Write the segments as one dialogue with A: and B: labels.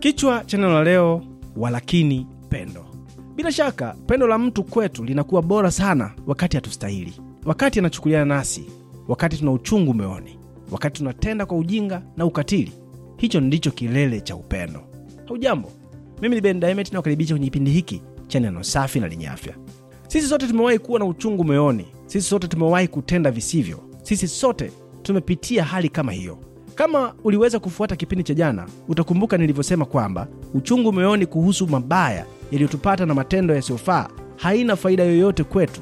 A: Kichwa cha neno la leo, walakini pendo. Bila shaka pendo la mtu kwetu linakuwa bora sana wakati hatustahili, wakati anachukuliana nasi, wakati tuna uchungu moyoni, wakati tunatenda kwa ujinga na ukatili. Hicho ndicho kilele cha upendo. Haujambo, mimi ni Ben nakaribisha kwenye kipindi hiki cha neno safi na lenye afya. Sisi sote tumewahi kuwa na uchungu moyoni, sisi sote tumewahi kutenda visivyo, sisi sote tumepitia hali kama hiyo. Kama uliweza kufuata kipindi cha jana, utakumbuka nilivyosema kwamba uchungu moyoni kuhusu mabaya yaliyotupata na matendo yasiyofaa haina faida yoyote kwetu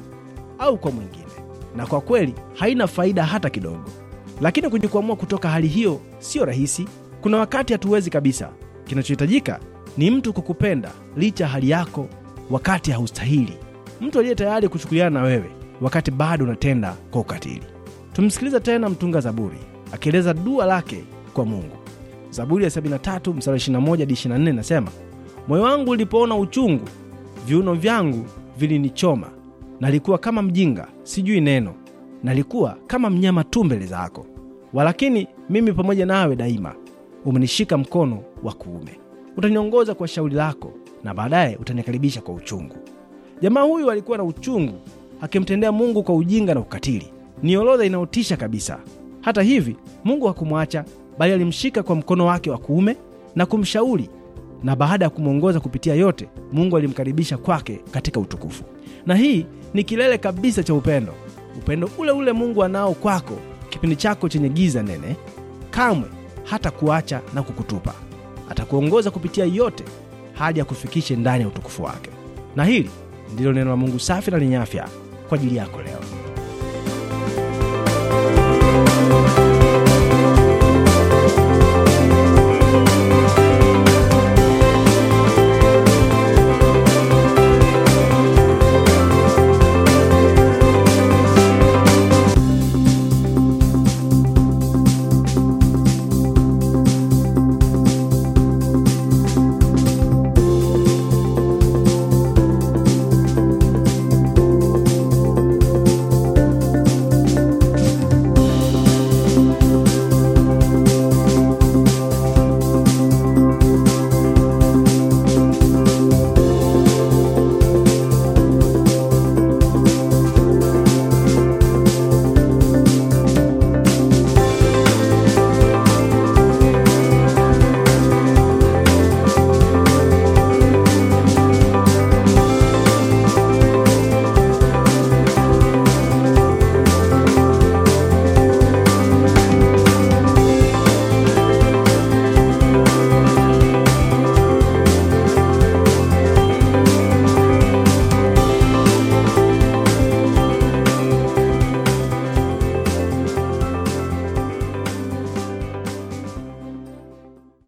A: au kwa mwingine, na kwa kweli haina faida hata kidogo. Lakini kujikwamua kutoka hali hiyo siyo rahisi. Kuna wakati hatuwezi kabisa. Kinachohitajika ni mtu kukupenda licha hali yako wakati haustahili, mtu aliye tayari kuchukuliana na wewe wakati bado unatenda kwa ukatili. Tumsikiliza tena mtunga Zaburi akieleza dua lake kwa Mungu. Zaburi ya 73 msara 21 hadi 24 inasema moyo wangu ulipoona uchungu, viuno vyangu vilinichoma, nalikuwa kama mjinga, sijui neno, nalikuwa kama mnyama tu mbele zako, walakini mimi pamoja nawe daima, umenishika mkono wa kuume, utaniongoza kwa shauri lako, na baadaye utanikaribisha kwa uchungu. Jamaa huyu alikuwa na uchungu akimtendea Mungu kwa ujinga na ukatili. Ni orodha inayotisha kabisa. Hata hivi, Mungu hakumwacha bali alimshika kwa mkono wake wa kuume na kumshauri, na baada ya kumwongoza kupitia yote, Mungu alimkaribisha kwake katika utukufu. Na hii ni kilele kabisa cha upendo, upendo ule ule Mungu anao kwako kipindi chako chenye giza nene. Kamwe hata kuacha na kukutupa, atakuongoza kupitia yote hadi akufikishe ndani ya utukufu wake. Na hili ndilo neno la Mungu safi na lenye afya kwa ajili yako leo.